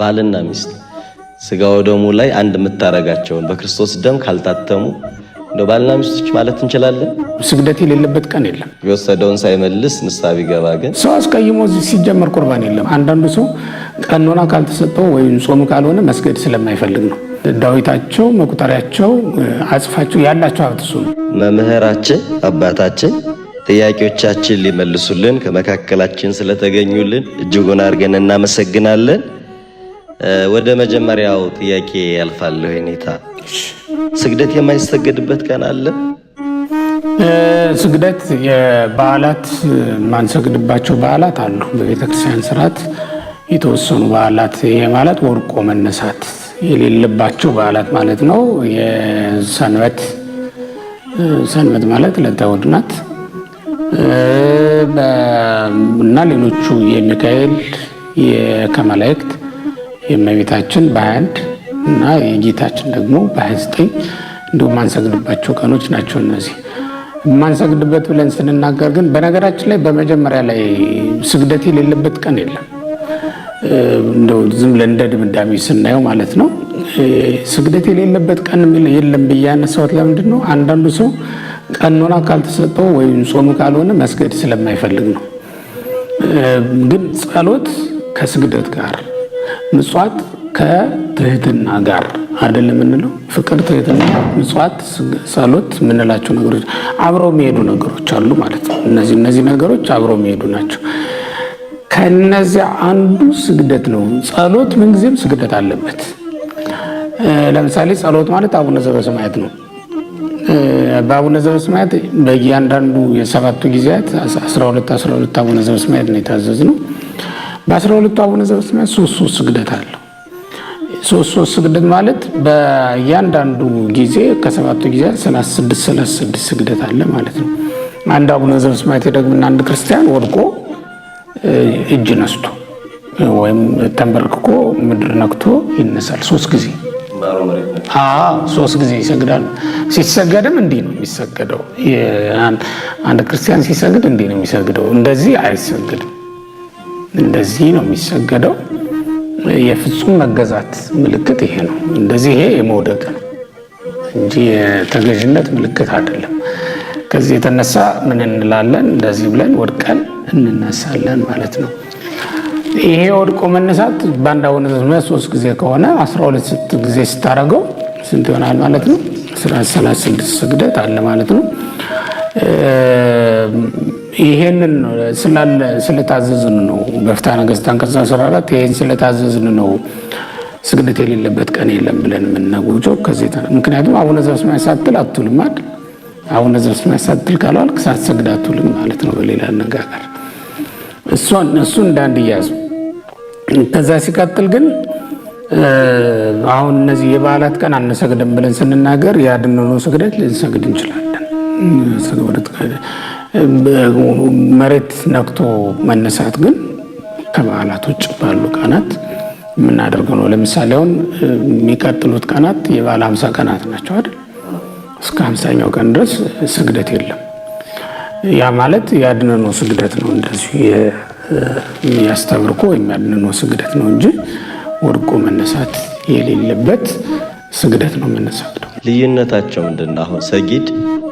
ባልና ሚስት ስጋው ወደሙ ላይ አንድ የምታረጋቸውን በክርስቶስ ደም ካልታተሙ እንደ ባልና ሚስቶች ማለት እንችላለን። ስግደት የሌለበት ቀን የለም። የወሰደውን ሳይመልስ ንስሓ ቢገባ ግን ሰው አስቀይሞ ሲጀመር ቁርባን የለም። አንዳንዱ ሰው ቀኖና ካልተሰጠው ወይም ጾም ካልሆነ መስገድ ስለማይፈልግ ነው። ዳዊታቸው፣ መቁጠሪያቸው፣ አጽፋቸው ያላቸው አብትሱ ነው። መምህራችን አባታችን ጥያቄዎቻችን ሊመልሱልን ከመካከላችን ስለተገኙልን እጅጉን አድርገን እናመሰግናለን። ወደ መጀመሪያው ጥያቄ ያልፋለሁ። ሁኔታ ስግደት የማይሰገድበት ቀን አለ? ስግደት የበዓላት የማንሰግድባቸው በዓላት አሉ። በቤተክርስቲያን ስርዓት የተወሰኑ በዓላት ይሄ ማለት ወርቆ መነሳት የሌለባቸው በዓላት ማለት ነው። የሰንበት ሰንበት ማለት ለተውድ ናት እና ሌሎቹ የሚካኤል የከመላእክት የእመቤታችን በአንድ እና የጌታችን ደግሞ በ29 እንዲሁም ማንሰግድባቸው ቀኖች ናቸው እነዚህ የማንሰግድበት ብለን ስንናገር ግን በነገራችን ላይ በመጀመሪያ ላይ ስግደት የሌለበት ቀን የለም። እንደው ዝም ብለን እንደ ድምዳሜ ስናየው ማለት ነው። ስግደት የሌለበት ቀን የለም ብዬ ያነሳሁት ለምንድን ነው? አንዳንዱ ሰው ቀኖና ካልተሰጠው ወይም ጾሙ ካልሆነ መስገድ ስለማይፈልግ ነው። ግን ጸሎት ከስግደት ጋር ምጽዋት ከትህትና ጋር አይደለም የምንለው። ፍቅር፣ ትህትና፣ ምጽዋት፣ ጸሎት የምንላቸው ነገሮች አብረው የሚሄዱ ነገሮች አሉ ማለት ነው። እነዚህ እነዚህ ነገሮች አብረው የሚሄዱ ናቸው። ከነዚያ አንዱ ስግደት ነው። ጸሎት ምንጊዜም ስግደት አለበት። ለምሳሌ ጸሎት ማለት አቡነ ዘበሰማያት ነው። በአቡነ ዘበሰማያት በእያንዳንዱ የሰባቱ ጊዜያት 12 12 አቡነ ዘበሰማያት ነው የታዘዝ ነው። በአስራ ሁለቱ አቡነ ዘበሰማያት ሶስት ሶስት ስግደት አለው። ሶስት ሶስት ስግደት ማለት በእያንዳንዱ ጊዜ ከሰባቱ ጊዜያት ሰላሳ ስድስት ሰላሳ ስድስት ስግደት አለ ማለት ነው። አንድ አቡነ ዘበሰማያት ደግምና አንድ ክርስቲያን ወድቆ እጅ ነስቶ ወይም ተንበርክኮ ምድር ነክቶ ይነሳል። ሶስት ጊዜ ሶስት ጊዜ ይሰግዳሉ። ሲሰገድም እንዲህ ነው የሚሰገደው። አንድ ክርስቲያን ሲሰግድ እንዲህ ነው የሚሰግደው። እንደዚህ አይሰግድም። እንደዚህ ነው የሚሰገደው። የፍጹም መገዛት ምልክት ይሄ ነው። እንደዚህ ይሄ የመውደቅ ነው እንጂ የተገዥነት ምልክት አይደለም። ከዚህ የተነሳ ምን እንላለን? እንደዚህ ብለን ወድቀን እንነሳለን ማለት ነው። ይሄ ወድቆ መነሳት በአንድ አሁን ሶስት ጊዜ ከሆነ 12 ጊዜ ስታደርገው ስንት ይሆናል ማለት ነው? ስድስት ስግደት አለ ማለት ነው። ይሄንን ስላለ ስለታዘዝን ነው። በፍትሐ ነገሥት አንቀጽ አስራ ይሄን ስለታዘዝን ነው ስግደት የሌለበት ቀን የለም ብለን የምናጎጀው ከዚህ ምክንያቱም አቡነ ዘበሰማይ ሳትል አትውልም አይደል? አቡነ ዘበሰማይ ሳትል ካለዋል ሳትሰግድ አትውልም ማለት ነው። በሌላ አነጋገር እሱን እሱ እንዳንድ እያዙ ከዛ ሲቀጥል ግን አሁን እነዚህ የበዓላት ቀን አንሰግድም ብለን ስንናገር የአድኖ ስግደት ልንሰግድ እንችላለን። ስግደት መሬት ነክቶ መነሳት ግን ከበዓላት ውጭ ባሉ ቀናት የምናደርገው ነው። ለምሳሌ አሁን የሚቀጥሉት ቀናት የበዓል ሀምሳ ቀናት ናቸው አይደል? እስከ ሀምሳኛው ቀን ድረስ ስግደት የለም። ያ ማለት የአድነኖ ስግደት ነው። እንደዚሁ የሚያስተብርኮ ወይም ያድነኖ ስግደት ነው እንጂ ወድቆ መነሳት የሌለበት ስግደት ነው። መነሳት ነው። ልዩነታቸው ምንድን ነው? አሁን ሰጊድ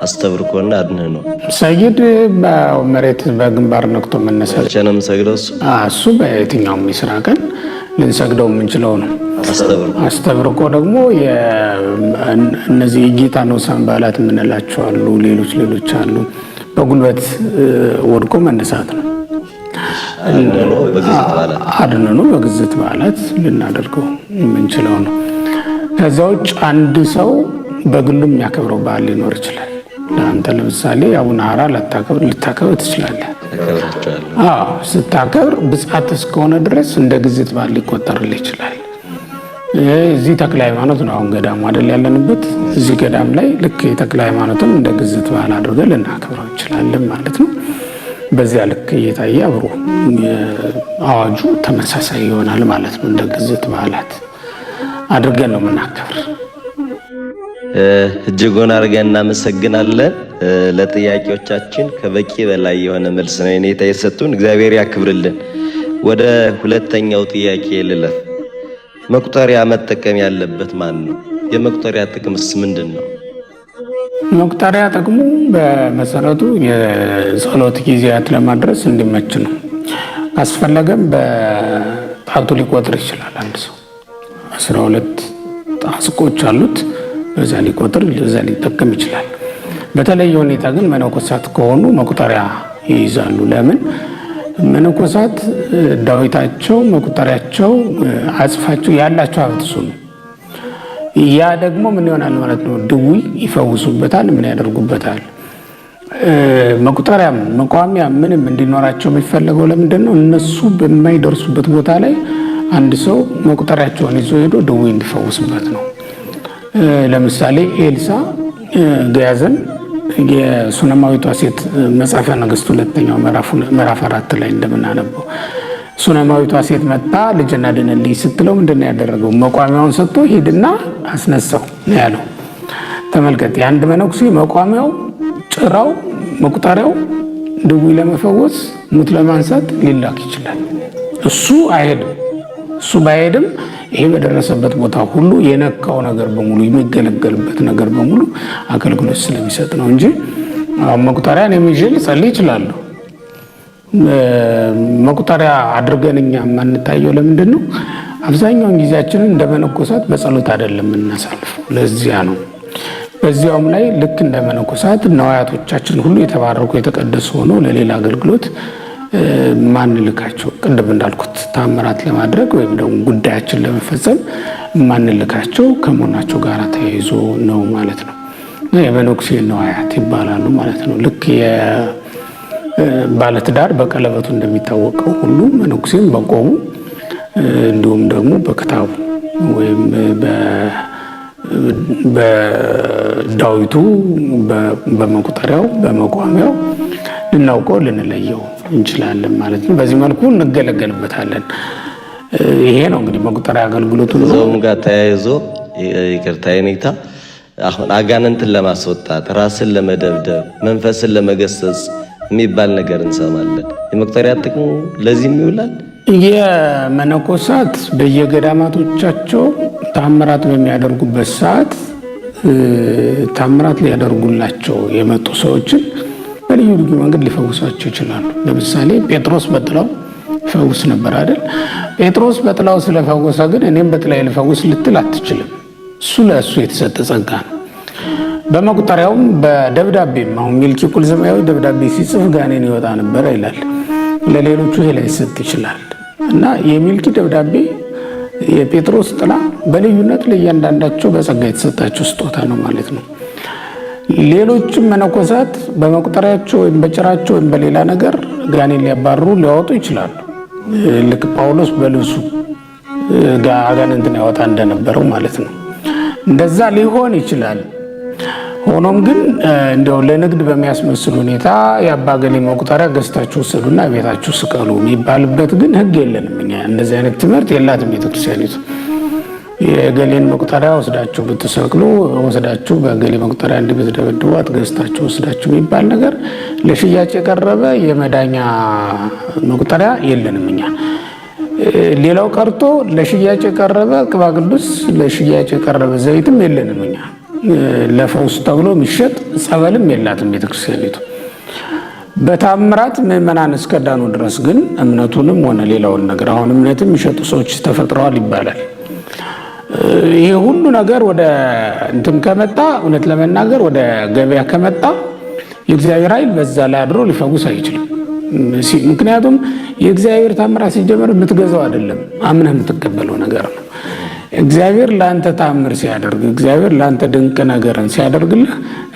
አስተብርኮና አድንህ ነው። ሰጊድ መሬት በግንባር ነክቶ መነሳት ነው የምሰግደው። እሱ እሱ በየትኛውም የስራ ቀን ልንሰግደው የምንችለው ነው። አስተብርቆ ደግሞ እነዚህ የጌታን ወሳኝ በዓላት የምንላቸው አሉ። ሌሎች ሌሎች አሉ። በጉልበት ወድቆ መነሳት ነው። አድንኖ በግዝት በዓላት ልናደርገው የምንችለው ነው። ከዛ ውጭ አንድ ሰው በግሉ የሚያከብረው በዓል ሊኖር ይችላል። ለአንተ ለምሳሌ አቡነ ሀራ ላታከብር ልታከብር ትችላለህ። ስታከብር ብጻት እስከሆነ ድረስ እንደ ግዝት ባል ሊቆጠርል ይችላል። እዚህ ተክለ ሃይማኖት ነው አሁን ገዳሙ አይደል ያለንበት። እዚህ ገዳም ላይ ልክ የተክለ ሃይማኖትም እንደ ግዝት ባህል አድርገን ልናከብረው እንችላለን ማለት ነው። በዚያ ልክ እየታየ አብሮ አዋጁ ተመሳሳይ ይሆናል ማለት ነው። እንደ ግዝት ባህላት አድርገን ነው የምናከብር። እጅጉን አድርገን እናመሰግናለን። ለጥያቄዎቻችን ከበቂ በላይ የሆነ መልስ ነው የኔታ የሰጡን። እግዚአብሔር ያክብርልን። ወደ ሁለተኛው ጥያቄ ልለፍ። መቁጠሪያ መጠቀም ያለበት ማን ነው? የመቁጠሪያ ጥቅምስ ምንድን ነው? መቁጠሪያ ጥቅሙ በመሰረቱ የጸሎት ጊዜያት ለማድረስ እንዲመች ነው። አስፈለገም በጣቱ ሊቆጥር ይችላል። አንድ ሰው አስራ ሁለት ጣስቆች አሉት በዛ ሊቆጥር በዛ ሊጠቀም ይችላል። በተለየ ሁኔታ ግን መነኮሳት ከሆኑ መቁጠሪያ ይይዛሉ። ለምን? መነኮሳት ዳዊታቸው፣ መቁጠሪያቸው፣ አጽፋቸው ያላቸው ሀብት እሱ ነው። ያ ደግሞ ምን ይሆናል ማለት ነው? ድዊ ይፈውሱበታል፣ ምን ያደርጉበታል። መቁጠሪያም መቋሚያ ምንም እንዲኖራቸው የሚፈለገው ለምንድን ነው? እነሱ በማይደርሱበት ቦታ ላይ አንድ ሰው መቁጠሪያቸውን ይዞ ሄዶ ድዊ እንዲፈውስበት ነው። ለምሳሌ ኤልሳ ገያዘን የሱነማዊቷ ሴት መጽሐፈ ነገሥት ሁለተኛው ምዕራፍ አራት ላይ እንደምናነበው ሱነማዊቷ ሴት መጣ ልጅና ድንልይ ስትለው ምንድን ነው ያደረገው? መቋሚያውን ሰጥቶ ሂድና አስነሳው ነው ያለው። ተመልከት፣ የአንድ መነኩሴ መቋሚያው፣ ጭራው፣ መቁጠሪያው ድውይ ለመፈወስ ሙት ለማንሳት ሊላክ ይችላል። እሱ አይሄድም። እሱ ባይሄድም ይሄ በደረሰበት ቦታ ሁሉ የነካው ነገር በሙሉ የሚገለገልበት ነገር በሙሉ አገልግሎት ስለሚሰጥ ነው እንጂ መቁጠሪያን የሚችል ጸልይ ይችላለሁ። መቁጠሪያ አድርገን እኛ የማንታየው ለምንድን ነው? አብዛኛውን ጊዜያችንን እንደ መነኮሳት በጸሎት አይደለም የምናሳልፈው። ለዚያ ነው። በዚያውም ላይ ልክ እንደ መነኮሳት ነዋያቶቻችን ሁሉ የተባረኩ የተቀደሱ ሆነው ለሌላ አገልግሎት ማንልካቸው ቅድም እንዳልኩት ታምራት ለማድረግ ወይም ደግሞ ጉዳያችን ለመፈጸም ማንልካቸው ከመሆናቸው ጋር ተያይዞ ነው ማለት ነው። የመነኩሴ ነዋያት ይባላሉ ማለት ነው። ልክ ዳር በቀለበቱ እንደሚታወቀው ሁሉ መነኩሴም በቆሙ እንዲሁም ደግሞ በክታቡ ወይም በዳዊቱ፣ በመቁጠሪያው፣ በመቋሚያው ልናውቀው ልንለየው እንችላለን ማለት ነው። በዚህ መልኩ እንገለገልበታለን። ይሄ ነው እንግዲህ መቁጠሪያ አገልግሎቱ። ጋ ጋር ተያይዞ ይቅርታ ይኔታ አሁን አጋንንትን ለማስወጣት ራስን ለመደብደብ መንፈስን ለመገሰጽ የሚባል ነገር እንሰማለን። የመቁጠሪያ ጥቅሙ ለዚህም ይውላል። የመነኮሳት በየገዳማቶቻቸው ታምራት በሚያደርጉበት ሰዓት ታምራት ሊያደርጉላቸው የመጡ ሰዎችን በልዩ ልዩ መንገድ ሊፈውሳቸው ይችላሉ። ለምሳሌ ጴጥሮስ በጥላው ፈውስ ነበር አይደል? ጴጥሮስ በጥላው ስለፈወሰ ግን እኔም በጥላይ ልፈውስ ልትል አትችልም። እሱ ለእሱ የተሰጠ ጸጋ ነው። በመቁጠሪያውም በደብዳቤም አሁን ሚልኪ ቁል ደብዳቤ ሲጽፍ ጋኔን ይወጣ ነበረ ይላል። ለሌሎቹ ይሄ ላይሰጥ ይችላል እና የሚልኪ ደብዳቤ የጴጥሮስ ጥላ በልዩነት ለእያንዳንዳቸው በጸጋ የተሰጣቸው ስጦታ ነው ማለት ነው። ሌሎችም መነኮሳት በመቁጠሪያቸው ወይም በጭራቸው ወይም በሌላ ነገር ጋኔን ሊያባሩ ሊያወጡ ይችላሉ። ልክ ጳውሎስ በልብሱ አጋንንትን ያወጣ እንደነበረው ማለት ነው። እንደዛ ሊሆን ይችላል። ሆኖም ግን እንደው ለንግድ በሚያስመስል ሁኔታ የአባ ገሌ መቁጠሪያ ገዝታችሁ ውሰዱና ቤታችሁ ስቀሉ የሚባልበት ግን ሕግ የለንም። እኛ እንደዚህ አይነት ትምህርት የላትም ቤተክርስቲያኒቱ። የገሌን መቁጠሪያ ወስዳችሁ ብትሰቅሉ ወስዳችሁ በገሌ መቁጠሪያ እንዲህ ብትደበድቡ ገዝታችሁ ወስዳችሁ የሚባል ነገር ለሽያጭ የቀረበ የመዳኛ መቁጠሪያ የለንም እኛ። ሌላው ቀርቶ ለሽያጭ የቀረበ ቅባ ቅዱስ፣ ለሽያጭ የቀረበ ዘይትም የለንም እኛ። ለፈውስ ተብሎ የሚሸጥ ጸበልም የላትም ቤተክርስቲያኒቱ። በታምራት ምዕመናን እስከዳኑ ድረስ ግን እምነቱንም ሆነ ሌላውን ነገር አሁን እምነትም የሚሸጡ ሰዎች ተፈጥረዋል ይባላል። ይሄ ሁሉ ነገር ወደ እንትም ከመጣ እውነት ለመናገር ወደ ገበያ ከመጣ የእግዚአብሔር ኃይል በዛ ላይ አድሮ ሊፈውስ አይችልም። ምክንያቱም የእግዚአብሔር ታምራ ሲጀመር የምትገዛው አይደለም፣ አምነህ የምትቀበለው ነገር ነው። እግዚአብሔር ለአንተ ታምር ሲያደርግ፣ እግዚአብሔር ለአንተ ድንቅ ነገርን ሲያደርግልህ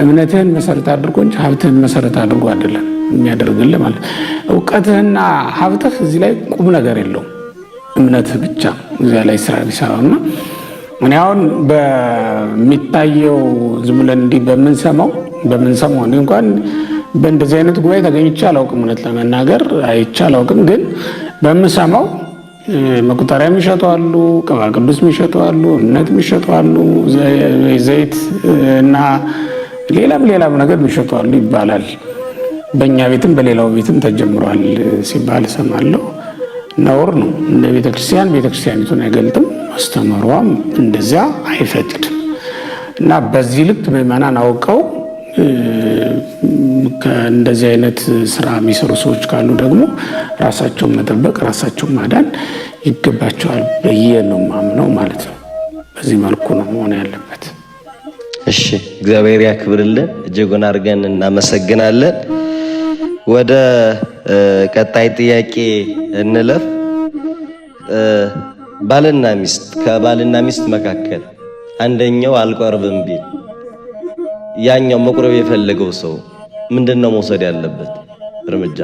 እምነትህን መሰረት አድርጎ እንጂ ሀብትህን መሰረት አድርጎ አይደለም የሚያደርግልህ ማለት። እውቀትህና ሀብትህ እዚህ ላይ ቁም ነገር የለውም። እምነትህ ብቻ እዚያ ላይ ስራ ሊሰራና እኔ አሁን በሚታየው ዝም ብለን እንዲህ በምንሰማው በምንሰማው እንኳን በእንደዚህ አይነት ጉባኤ ተገኝቼ አላውቅም። እውነት ለመናገር አይቼ አላውቅም። ግን በምሰማው መቁጠሪያ የሚሸጡ አሉ፣ ቅባ ቅዱስ የሚሸጡ አሉ፣ እምነት የሚሸጡ አሉ፣ ዘይት እና ሌላም ሌላም ነገር የሚሸጡ አሉ ይባላል። በእኛ ቤትም በሌላው ቤትም ተጀምሯል ሲባል እሰማለሁ። ነውር ነው። እንደ ቤተክርስቲያን ቤተክርስቲያኒቱን አይገልጥም። አስተምህሮም እንደዚያ አይፈቅድም እና በዚህ ልክ ምዕመናን አውቀው እንደዚህ አይነት ስራ የሚሰሩ ሰዎች ካሉ ደግሞ ራሳቸውን መጠበቅ ራሳቸውን ማዳን ይገባቸዋል ብዬ ነው ማምነው ማለት ነው። በዚህ መልኩ ነው መሆን ያለበት። እሺ፣ እግዚአብሔር ያክብርልን። እጅጉን አድርገን እናመሰግናለን። ወደ ቀጣይ ጥያቄ እንለፍ። ባልና ሚስት ከባልና ሚስት መካከል አንደኛው አልቀርብም ቢል ያኛው መቁረብ የፈለገው ሰው ምንድነው መውሰድ ያለበት እርምጃ?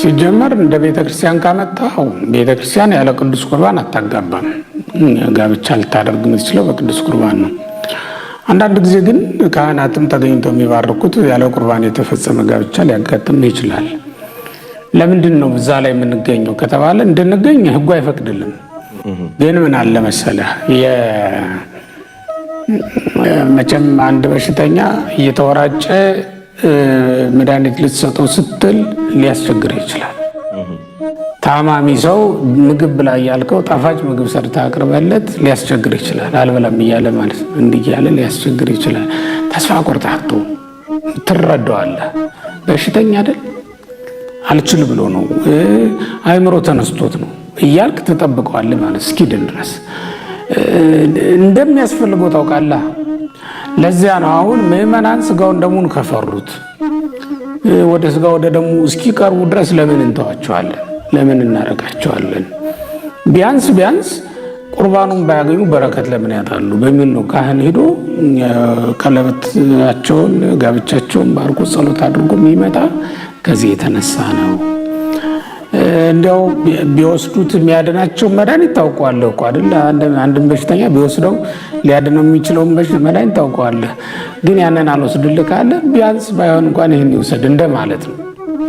ሲጀመር እንደ ቤተ ክርስቲያን ካመጣው ቤተ ክርስቲያን ያለ ቅዱስ ቁርባን አታጋባም። ጋብቻ ልታደርግ የምትችለው በቅዱስ ቁርባን ነው። አንዳንድ ጊዜ ግን ካህናትም ተገኝተው የሚባርኩት ያለ ቁርባን የተፈጸመ ጋብቻ ሊያጋጥም ይችላል። ለምንድን ነው እዛ ላይ የምንገኘው ከተባለ እንድንገኝ ህጉ አይፈቅድልም። ግን ምን አለ መሰለህ መቼም አንድ በሽተኛ እየተወራጨ መድኃኒት ልትሰጠው ስትል ሊያስቸግር ይችላል። ታማሚ ሰው ምግብ ብላ እያልከው ጣፋጭ ምግብ ሰርታ አቅርበለት ሊያስቸግር ይችላል። አልበላም እያለ ማለት ነው። እንዲህ እያለ ሊያስቸግር ይችላል። ተስፋ ቆርጣቶ ትረዳዋለህ። በሽተኛ አይደል አልችል ብሎ ነው። አይምሮ ተነስቶት ነው እያልክ ትጠብቀዋለህ ማለት እስኪድን ድረስ እንደሚያስፈልገው ታውቃለህ። ለዚያ ነው አሁን ምእመናን ስጋውን ደሙን ከፈሩት ወደ ስጋ ወደ ደሙ እስኪቀርቡ ድረስ ለምን እንተዋቸዋለን? ለምን እናደርጋቸዋለን? ቢያንስ ቢያንስ ቁርባኑን ባያገኙ በረከት ለምን ያጣሉ በሚል ነው ካህን ሄዶ ቀለበታቸውን ጋብቻቸውን ባርኮ ጸሎት አድርጎ የሚመጣ ከዚህ የተነሳ ነው። እንዲያው ቢወስዱት የሚያድናቸው መድኃኒት ታውቀዋለህ እኮ አይደል? አንድን በሽተኛ ቢወስደው ሊያድነው የሚችለውን መድኃኒት ታውቀዋለህ። ግን ያንን አልወስድልህ ካለ ቢያንስ ባይሆን እንኳን ይህን ይውሰድ እንደማለት ነው።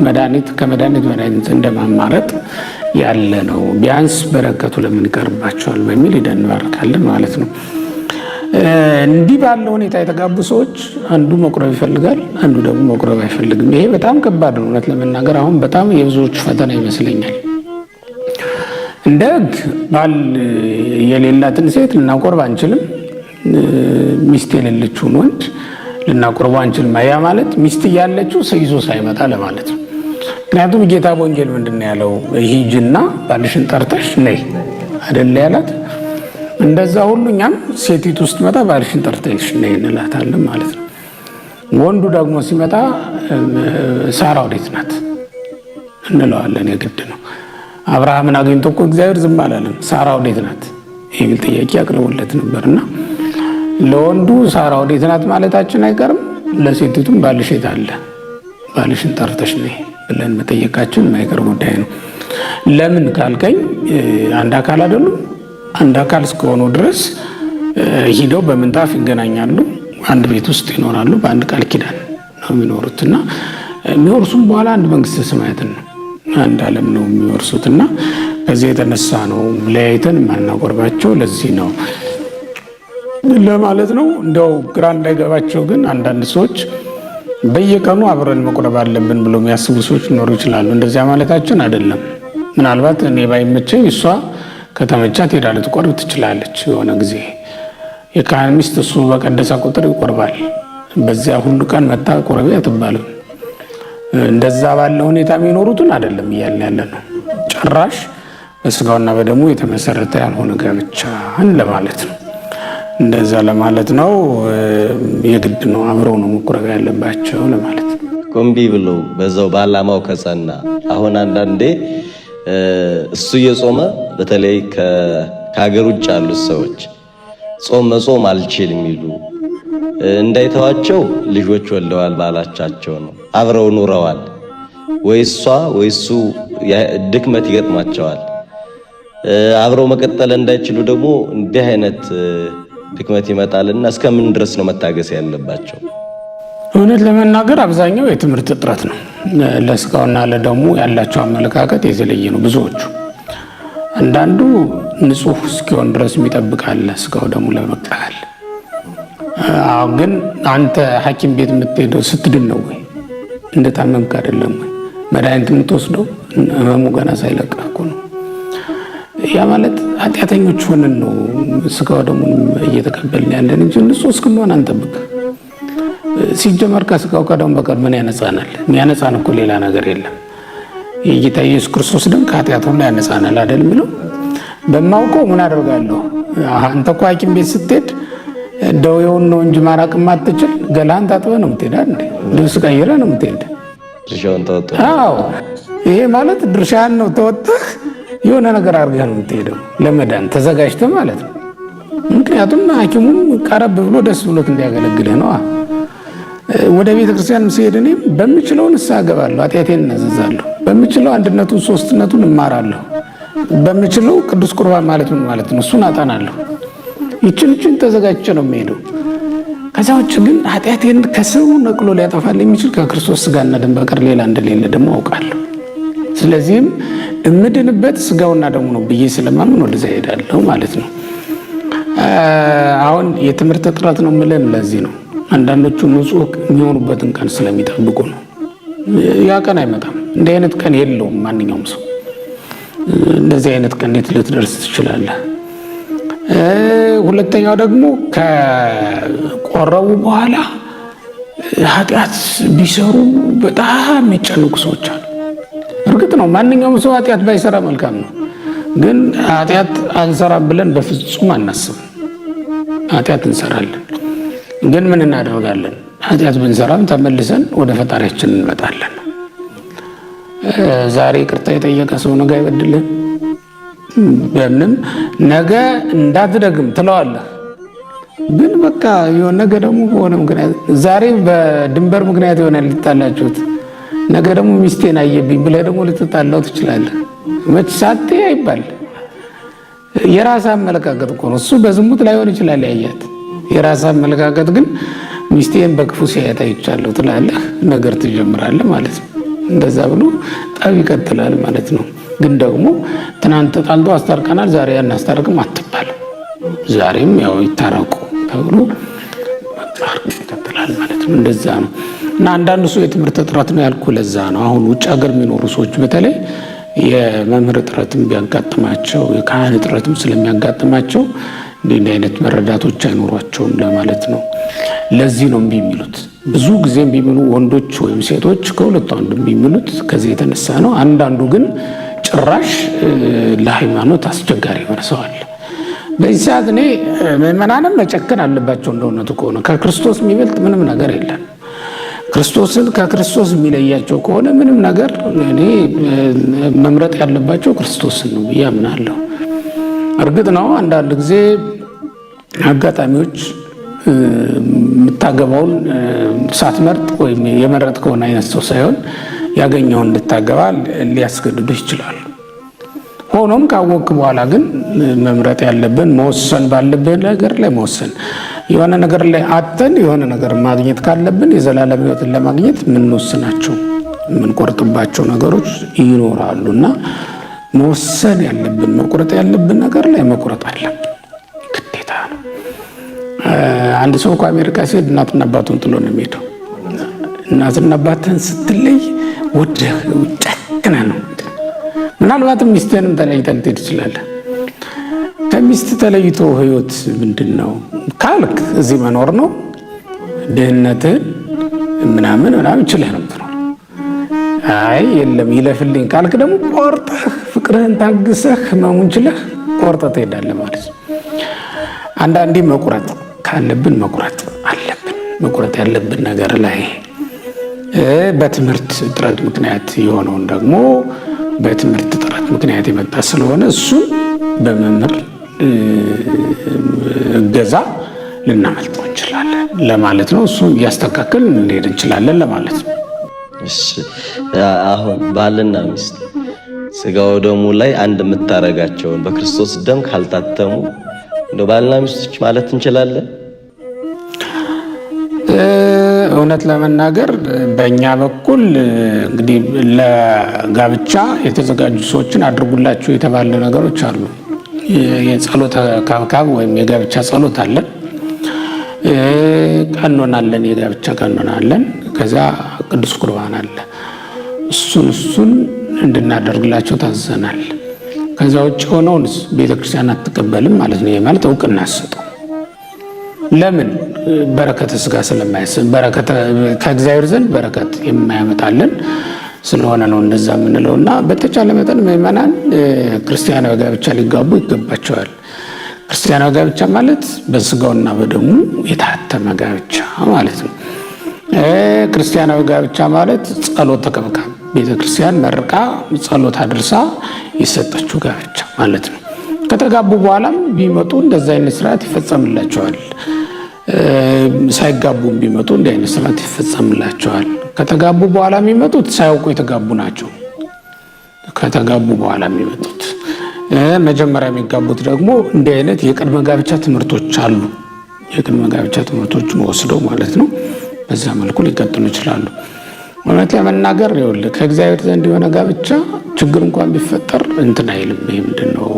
መድኃኒት ከመድኃኒት መድኃኒት እንደማማረጥ ያለ ነው። ቢያንስ በረከቱ ለምን ይቀርባቸዋል በሚል ይደንባርካለን ማለት ነው። እንዲህ ባለ ሁኔታ የተጋቡ ሰዎች አንዱ መቁረብ ይፈልጋል፣ አንዱ ደግሞ መቁረብ አይፈልግም። ይሄ በጣም ከባድ ነው። እውነት ለመናገር አሁን በጣም የብዙዎች ፈተና ይመስለኛል። እንደ ሕግ ባል የሌላትን ሴት ልናቆርብ አንችልም። ሚስት የሌለችውን ወንድ ልናቆርቡ አንችልም። ያ ማለት ሚስት እያለችው ሰይዞ ሳይመጣ ለማለት ነው። ምክንያቱም ጌታ በወንጌል ምንድን ነው ያለው? ሂጂና ባልሽን ጠርተሽ ነይ አደለ ያላት እንደዛ ሁሉ እኛም ውስጥ መጣ ባልሽን ጠርተሽ ነይ እንላታለን ማለት ነው። ወንዱ ደግሞ ሲመጣ ሳራ ወዴት ናት እንለዋለን። የግድ ነው። አብርሃምን አግኝቶ እኮ እግዚአብሔር ዝም አላለም። ሳራ ወዴት ናት የሚል ጥያቄ አቅርቦለት ነበር ነበርና ለወንዱ ሳራ ወዴት ናት ማለታችን አይቀርም። ለሴቲቱም ባልሽ የት አለ ባልሽን ጠርተሽ ነይ ብለን መጠየቃችን የማይቀር ጉዳይ ነው። ለምን ካልከኝ አንድ አካል አይደሉም። አንድ አካል እስከሆኑ ድረስ ሂደው በምንጣፍ ይገናኛሉ። አንድ ቤት ውስጥ ይኖራሉ። በአንድ ቃል ኪዳን ነው የሚኖሩት እና የሚወርሱም በኋላ አንድ መንግስተ ሰማያትን ነው አንድ ዓለም ነው የሚወርሱት እና ከዚህ የተነሳ ነው ለያይተን የማናቆርባቸው ለዚህ ነው ለማለት ነው። እንደው ግራ እንዳይገባቸው ግን አንዳንድ ሰዎች በየቀኑ አብረን መቁረብ አለብን ብሎ የሚያስቡ ሰዎች ሊኖሩ ይችላሉ። እንደዚያ ማለታችን አይደለም። ምናልባት እኔ ባይመቸኝ እሷ ከተመቻት ሄዳ ልትቆርብ ትችላለች። የሆነ ጊዜ የካህን ሚስት እሱ በቀደሰ ቁጥር ይቆርባል። በዚያ ሁሉ ቀን መታ ቁረቢ አትባልም። እንደዛ ባለ ሁኔታ የሚኖሩትን አይደለም እያልን ያለ ነው። ጭራሽ በስጋውና በደሙ የተመሰረተ ያልሆነ ጋብቻን ለማለት ነው። እንደዛ ለማለት ነው። የግድ ነው፣ አብረው ነው መቁረብ ያለባቸው ለማለት ነው። ቁምቢ ብሎ በዛው በዓላማው ከጸና አሁን አንዳንዴ እሱ እየጾመ በተለይ ከሀገር ውጭ ያሉት ሰዎች ጾም መጾም አልችል የሚሉ እንዳይተዋቸው ልጆች ወልደዋል፣ ባላቻቸው ነው አብረው ኑረዋል። ወይ እሷ ወይ እሱ ድክመት ይገጥማቸዋል። አብረው መቀጠል እንዳይችሉ ደግሞ እንዲህ አይነት ድክመት ይመጣልና እስከምን ድረስ ነው መታገስ ያለባቸው? እውነት ለመናገር አብዛኛው የትምህርት እጥረት ነው። ለስጋውና ለደሙ ያላቸው አመለካከት የተለየ ነው። ብዙዎቹ አንዳንዱ ንጹህ እስኪሆን ድረስ የሚጠብቃለ ስጋው ደሙ አሁ ግን አንተ ሐኪም ቤት የምትሄደው ስትድን ነው ወይ? እንደታመምክ አይደለም ወይ? መድኃኒት የምትወስደው ህመሙ ገና ሳይለቅህ እኮ ነው። ያ ማለት ኃጢአተኞች ሆነን ነው ስጋው ደሙን እየተቀበልን ያለን እንጂ ንጹሕ እስክንሆን አንጠብቅ ሲጀመር ከስጋው ከደሙ በቀር ምን ያነጻናል? የሚያነጻን እኮ ሌላ ነገር የለም። የጌታ ኢየሱስ ክርስቶስ ደም ከኃጢአት ሁሉ ያነጻናል አይደል የሚለው በማውቀው ምን አደርጋለሁ? አንተ እኮ ሐኪም ቤት ስትሄድ ደዌውን ነው እንጂ ማራቅ ማትችል ገላህን ታጥበህ ነው የምትሄድ ልብስ ቀይረህ ነው የምትሄድ። አዎ ይሄ ማለት ድርሻህን ነው ተወጥተህ የሆነ ነገር አድርገህ ነው የምትሄደው ለመዳን ተዘጋጅተህ ማለት ነው። ምክንያቱም ሐኪሙም ቀረብ ብሎ ደስ ብሎት እንዲያገለግልህ ነው። ወደ ቤተ ክርስቲያን ስሄድ እኔ በምችለው ንስሐ እገባለሁ፣ ኃጢአቴን እነዘዛለሁ፣ በምችለው አንድነቱን ሶስትነቱን እማራለሁ፣ በምችለው ቅዱስ ቁርባን ማለት ምን ማለት ነው እሱን አጠናለሁ። ይችን ይችን ተዘጋጅቼ ነው የሚሄደው። ከዛ ውጭ ግን ኃጢአቴን ከሰው ነቅሎ ሊያጠፋል የሚችል ከክርስቶስ ስጋና ደም በቀር ሌላ እንደሌለ ደግሞ አውቃለሁ። ስለዚህም እምድንበት ስጋውና ደሙ ነው ብዬ ስለማምን ወደዛ ሄዳለሁ ማለት ነው። አሁን የትምህርት እጥረት ነው የምልህ ለዚህ ነው። አንዳንዶቹ ንጹህ የሚሆኑበትን ቀን ስለሚጠብቁ ነው። ያ ቀን አይመጣም። እንዲህ አይነት ቀን የለውም። ማንኛውም ሰው እንደዚህ አይነት ቀን እንዴት ልትደርስ ትችላለህ? ሁለተኛው ደግሞ ከቆረቡ በኋላ ኃጢአት ቢሰሩ በጣም የሚጨንቁ ሰዎች አሉ። እርግጥ ነው ማንኛውም ሰው ኃጢአት ባይሰራ መልካም ነው። ግን ኃጢአት አንሰራ ብለን በፍጹም አናስብም። ኃጢአት እንሰራለን። ግን ምን እናደርጋለን? ኃጢአት ብንሰራም ተመልሰን ወደ ፈጣሪያችን እንመጣለን። ዛሬ ቅርታ የጠየቀ ሰው ነገ አይበድልህም። በምንም ነገ እንዳትደግም ትለዋለህ። ግን በቃ የሆነ ነገ ደግሞ በሆነ ምክንያት ዛሬ በድንበር ምክንያት የሆነ ልትጣላችሁት፣ ነገ ደግሞ ሚስቴን አየብኝ ብለህ ደግሞ ልትጣላው ትችላለህ። መች ሳቴ አይባል የራስ አመለካከት እኮ ነው። እሱ በዝሙት ላይሆን ይችላል ያያት የራስ አመለካከት ግን ሚስቴን በክፉ ሲያየት አይቻለሁ ትላለህ፣ ነገር ትጀምራለህ ማለት ነው። እንደዛ ብሎ ጠብ ይቀጥላል ማለት ነው። ግን ደግሞ ትናንት ተጣልቶ አስታርቀናል፣ ዛሬ አናስታርቅም አትባልም። ዛሬም ያው ይታረቁ ተብሎ መታረቅ ይቀጥላል ማለት ነው። እንደዛ ነው እና አንዳንድ ሰው የትምህርት እጥረት ነው ያልኩ ለዛ ነው። አሁን ውጭ ሀገር የሚኖሩ ሰዎች በተለይ የመምህር እጥረትም ቢያጋጥማቸው የካህን እጥረትም ስለሚያጋጥማቸው እንዲህ አይነት መረዳቶች አይኖሯቸውም ለማለት ነው። ለዚህ ነው እምቢ የሚሉት። ብዙ ጊዜ እምቢ የሚሉ ወንዶች ወይም ሴቶች ከሁለቱ አንዱ እምቢ የሚሉት ከዚህ የተነሳ ነው። አንዳንዱ ግን ጭራሽ ለሃይማኖት አስቸጋሪ የሆነ በዚህ ሰዓት እኔ ምዕመናንም መጨከን አለባቸው። እንደእውነቱ ከሆነ ከክርስቶስ የሚበልጥ ምንም ነገር የለም። ክርስቶስን ከክርስቶስ የሚለያቸው ከሆነ ምንም ነገር እኔ መምረጥ ያለባቸው ክርስቶስን ነው ብዬ አምናለሁ። እርግጥ ነው አንዳንድ ጊዜ አጋጣሚዎች የምታገባውን ሳትመርጥ ወይም የመረጥከውን አይነት ሰው ሳይሆን ያገኘውን እንድታገባ ሊያስገድዱ ይችላሉ። ሆኖም ካወቅክ በኋላ ግን መምረጥ ያለብን መወሰን ባለብን ነገር ላይ መወሰን፣ የሆነ ነገር ላይ አተን የሆነ ነገር ማግኘት ካለብን የዘላለም ሕይወትን ለማግኘት የምንወስናቸው የምንቆርጥባቸው ነገሮች ይኖራሉ እና መወሰን ያለብን መቁረጥ ያለብን ነገር ላይ መቁረጥ አለብን። አንድ ሰው ከአሜሪካ ሲሄድ እናትና አባቱን ጥሎ ነው የሚሄደው። እናትና አባትን ስትለይ ወደ ጨክነህ ነው። ምናልባትም ሚስትህንም ተለይተን ትሄድ ትችላለህ። ከሚስት ተለይቶ ህይወት ምንድን ነው ካልክ እዚህ መኖር ነው። ድህነትህን ምናምን ምናምን ችለህ ነው የምትኖር። አይ የለም ይለፍልኝ ካልክ ደግሞ ቆርጠህ ፍቅርህን ታግሰህ ህመሙን ችለህ ቆርጠህ ትሄዳለህ ማለት ነው። አንዳንዴ መቁረጥ ካለብን መቁረጥ አለብን። መቁረጥ ያለብን ነገር ላይ በትምህርት እጥረት ምክንያት የሆነውን ደግሞ በትምህርት ጥረት ምክንያት የመጣ ስለሆነ እሱን በመምህር እገዛ ልናመልጠው እንችላለን ለማለት ነው። እሱን እያስተካከል እንሄድ እንችላለን ለማለት ነው። አሁን ባልና ሚስት ስጋው ደሙ ላይ አንድ የምታረጋቸውን በክርስቶስ ደም ካልታተሙ እንደው ባልና ሚስቶች ማለት እንችላለን። እውነት ለመናገር በእኛ በኩል እንግዲህ ለጋብቻ የተዘጋጁ ሰዎችን አድርጉላቸው የተባለ ነገሮች አሉ። የጸሎት ካብካብ ወይም የጋብቻ ጸሎት አለን፣ ቀኖናለን፣ የጋብቻ ቀኖናለን። ከዛ ቅዱስ ቁርባን አለ። እሱን እሱን እንድናደርግላቸው ታዘናል። ከዛ ውጭ ሆነውንስ ቤተክርስቲያን አትቀበልም ማለት ነው። ማለት እውቅና አሰጠው። ለምን? በረከተ ስጋ ስለማያስብ ከእግዚአብሔር ዘንድ በረከት የማያመጣልን ስለሆነ ነው እንደዛ የምንለው እና በተቻለ መጠን ምዕመናን ክርስቲያናዊ ጋብቻ ሊጋቡ ይገባቸዋል። ክርስቲያናዊ ጋብቻ ማለት በስጋውና በደሙ የታተመ ጋብቻ ማለት ነው። ክርስቲያናዊ ጋብቻ ማለት ጸሎት ተቀብቃቢ ቤተ ክርስቲያን መርቃ ጸሎት አድርሳ የሰጠችው ጋብቻ ማለት ነው። ከተጋቡ በኋላም ቢመጡ እንደዚ አይነት ስርዓት ይፈጸምላቸዋል። ሳይጋቡም ቢመጡ እንዲህ አይነት ስርዓት ይፈጸምላቸዋል። ከተጋቡ በኋላ የሚመጡት ሳያውቁ የተጋቡ ናቸው። ከተጋቡ በኋላ የሚመጡት መጀመሪያ የሚጋቡት ደግሞ እንዲህ አይነት የቅድመ ጋብቻ ትምህርቶች አሉ። የቅድመ ጋብቻ ትምህርቶችን ወስደው ማለት ነው በዛ መልኩ ሊቀጥሉ ይችላሉ። እውነት ለመናገር ይኸውልህ ከእግዚአብሔር ዘንድ የሆነ ጋብቻ ችግር እንኳን ቢፈጠር እንትን አይልም። ይህ ምንድን ነው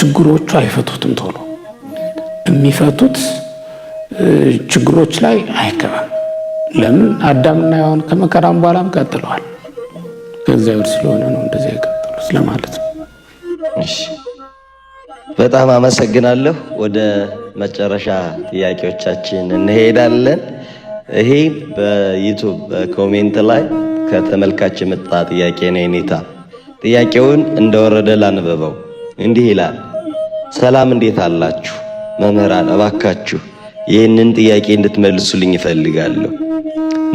ችግሮቹ አይፈቱትም። ቶሎ የሚፈቱት ችግሮች ላይ አይገባም። ለምን አዳምና ሔዋን ከመከራም በኋላም ቀጥለዋል። ከእግዚአብሔር ስለሆነ ነው እንደዚያ የቀጠሉት ለማለት ነው። በጣም አመሰግናለሁ። ወደ መጨረሻ ጥያቄዎቻችን እንሄዳለን። ይሄ በዩቱብ ኮሜንት ላይ ከተመልካች የመጣ ጥያቄ ነው። ኔታ ጥያቄውን እንደወረደ ላንበበው። እንዲህ ይላል። ሰላም እንዴት አላችሁ? መምህራን እባካችሁ ይህንን ጥያቄ እንድትመልሱልኝ ይፈልጋለሁ።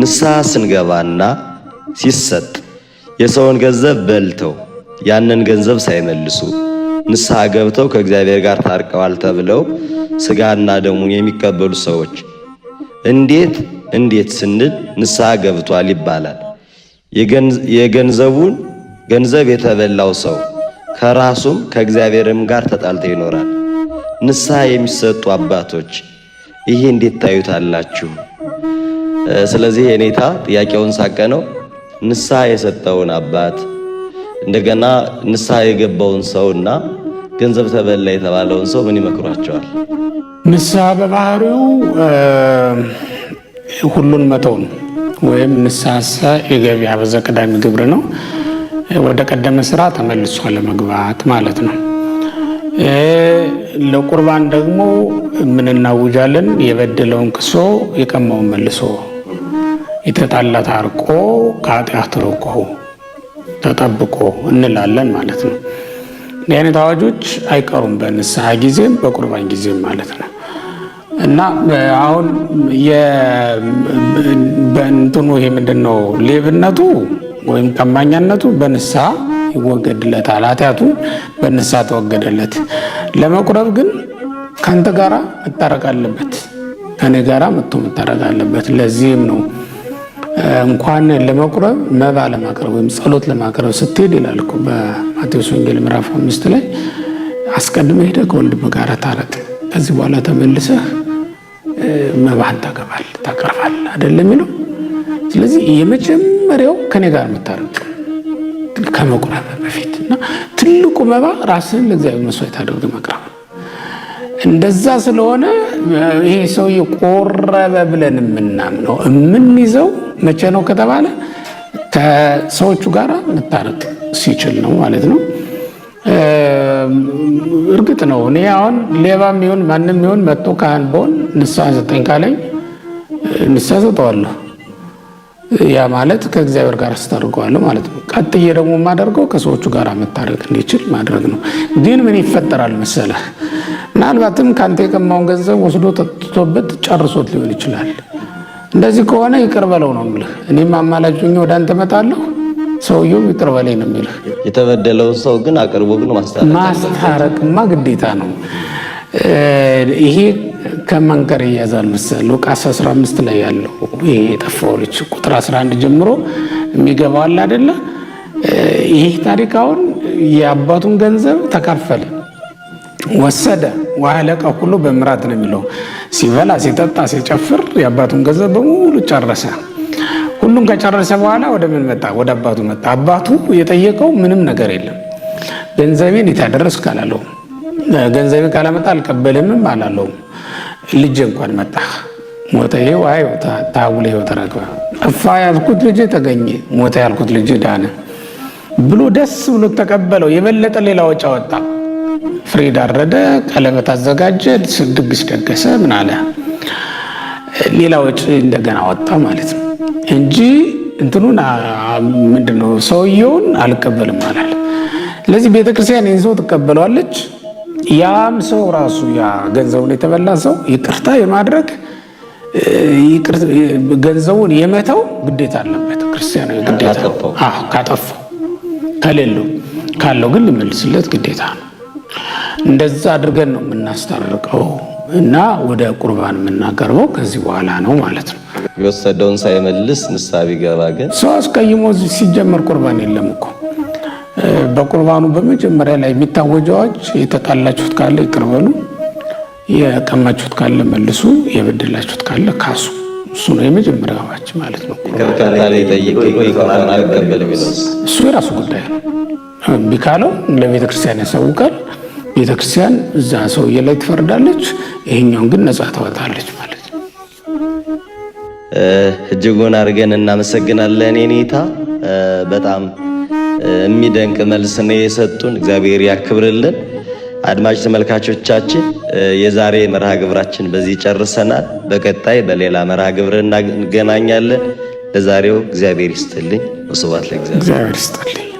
ንስሐ ስንገባና ሲሰጥ የሰውን ገንዘብ በልተው ያንን ገንዘብ ሳይመልሱ ንስሐ ገብተው ከእግዚአብሔር ጋር ታርቀዋል ተብለው ስጋና ደሙን የሚቀበሉ ሰዎች እንዴት እንዴት ስንል ንስሐ ገብቷል ይባላል። የገንዘቡን ገንዘብ የተበላው ሰው ከራሱም ከእግዚአብሔርም ጋር ተጣልተው ይኖራል። ንስሐ የሚሰጡ አባቶች ይሄ እንዴት ታዩታላችሁ? ስለዚህ የኔታ ጥያቄውን ሳቀ ነው ንስሐ የሰጠውን አባት እንደገና ንስሐ የገባውን ሰው እና ገንዘብ ተበላ የተባለውን ሰው ምን ይመክሯቸዋል? ንስሐ በባህሪው ሁሉን መተው ነው ወይም ንሳሰ የገቢያ በዘ ግብር ነው። ወደ ቀደመ ስራ ተመልሶ ለመግባት ማለት ነው። ለቁርባን ደግሞ ምን እናውጃለን? የበደለውን ክሶ የቀማውን መልሶ፣ የተጣላ ታርቆ፣ ከኃጢአት ርቆ ተጠብቆ እንላለን ማለት ነው። እንዲህ አይነት አዋጆች አይቀሩም በንስሐ ጊዜም በቁርባን ጊዜም ማለት ነው። እና አሁን በእንትኑ ይሄ ምንድን ነው ሌብነቱ ወይም ቀማኛነቱ በንስሐ ይወገድለታል። ኃጢአቱን በንስሐ ተወገደለት። ለመቁረብ ግን ከአንተ ጋራ መታረቅ አለበት፣ ከኔ ጋራ መጥቶ መታረቅ አለበት። ለዚህም ነው እንኳን ለመቁረብ መባ ለማቅረብ ወይም ጸሎት ለማቅረብ ስትሄድ ይላል እኮ በማቴዎስ ወንጌል ምዕራፍ አምስት ላይ አስቀድመ ሄደ ከወንድምህ ጋር ታረቅ፣ ከዚህ በኋላ ተመልሰህ መባህን ታገባል ታቀርፋል አይደለም የሚለው። ስለዚህ የመጀመሪያው ከኔ ጋር የምታረቅ ከመቁረብ በፊት እና ትልቁ መባ ራስን ለእግዚአብሔር መስዋዕት አድርገህ መቅረብ። እንደዛ ስለሆነ ይሄ ሰው የቆረበ ብለን የምናምነው የምንይዘው መቼ ነው ከተባለ ከሰዎቹ ጋር መታረቅ ሲችል ነው ማለት ነው። እርግጥ ነው እኔ አሁን ሌባም ይሁን ማንም ይሁን መጥቶ ካህን በሆን ንስሐ ዘጠኝ ካለኝ ንስሐ ሰጠዋለሁ። ያ ማለት ከእግዚአብሔር ጋር አስታርገዋለሁ ማለት ነው። ቀጥዬ ደግሞ የማደርገው ከሰዎቹ ጋር መታረቅ እንዲችል ማድረግ ነው። ግን ምን ይፈጠራል መሰለህ? ምናልባትም ከአንተ የቀማውን ገንዘብ ወስዶ ጠጥቶበት ጨርሶት ሊሆን ይችላል። እንደዚህ ከሆነ ይቅር በለው ነው የምልህ። እኔም አማላጅ ወደ አንተ እመጣለሁ፣ ሰውየውም ይቅር በለኝ ነው የሚልህ የተበደለው ሰው ግን አቅርቦ ግን ማስታረቅማ ግዴታ ነው። ይሄ ከመንከር ይያዛል መሰለህ ሉቃስ 15 ላይ ያለው ይሄ የጠፋው ልጅ ቁጥር 11 ጀምሮ የሚገባዋል አይደለ? ይሄ ታሪክ አሁን የአባቱን ገንዘብ ተካፈለ፣ ወሰደ። ዋለቀ ሁሉ በምራት ነው የሚለው ሲበላ ሲጠጣ ሲጨፍር የአባቱን ገንዘብ በሙሉ ጨረሰ። ሁሉም ከጨረሰ በኋላ ወደ ምን መጣ? ወደ አባቱ መጣ። አባቱ የጠየቀው ምንም ነገር የለም። ገንዘቤን የታደረስ ካላለሁም ገንዘቤን ካላመጣ አልቀበልምም አላለውም። ልጅ እንኳን መጣ ሞተ። ይኸው አይ ታቡለ ይኸው ተረክበ እፋ ያልኩት ልጅ ተገኘ፣ ሞተ ያልኩት ልጅ ዳነ ብሎ ደስ ብሎ ተቀበለው። የበለጠ ሌላ ወጪ አወጣ። ፍሬድ አረደ፣ ቀለበት አዘጋጀ፣ ድግስ ደገሰ፣ ምን አለ ሌላ ወጪ እንደገና ወጣ ማለት ነው። እንጂ እንትኑን ምንድን ነው ሰውየውን አልቀበልም አላል። ለዚህ ቤተክርስቲያን ይህን ሰው ትቀበለዋለች። ያም ሰው ራሱ ያ ገንዘቡን የተበላ ሰው ይቅርታ የማድረግ ገንዘቡን የመተው ግዴታ አለበት። ክርስቲያናዊ ግዴታ ካጠፋው ከሌለው ካለው ግን ሊመልስለት ግዴታ ነው። እንደዛ አድርገን ነው የምናስታርቀው። እና ወደ ቁርባን የምናቀርበው ከዚህ በኋላ ነው ማለት ነው። የወሰደውን ሳይመልስ ንስሓ ቢገባ ግን ሰው አስቀይሞ ሲጀመር ቁርባን የለም እኮ። በቁርባኑ በመጀመሪያ ላይ የሚታወጃዎች የተጣላችሁት ካለ ይቅርበሉ፣ የቀማችሁት ካለ መልሱ፣ የበደላችሁት ካለ ካሱ። እሱ ነው የመጀመሪያ ማለት ነው። እሱ የራሱ ጉዳይ ነው። ለቤተክርስቲያን ያሳውቃል። ቤተክርስቲያን እዛ ሰውዬ ላይ ትፈርዳለች፣ ይሄኛውን ግን ነጻ ታወጣለች ማለት ነው። እጅጉን አድርገን እናመሰግናለን የኔታ። በጣም የሚደንቅ መልስ ነው የሰጡን። እግዚአብሔር ያክብርልን። አድማጭ ተመልካቾቻችን የዛሬ መርሃ ግብራችን በዚህ ጨርሰናል። በቀጣይ በሌላ መርሃ ግብር እንገናኛለን። ለዛሬው እግዚአብሔር ይስጥልኝ። ወስብሐት ለእግዚአብሔር ይስጥልኝ።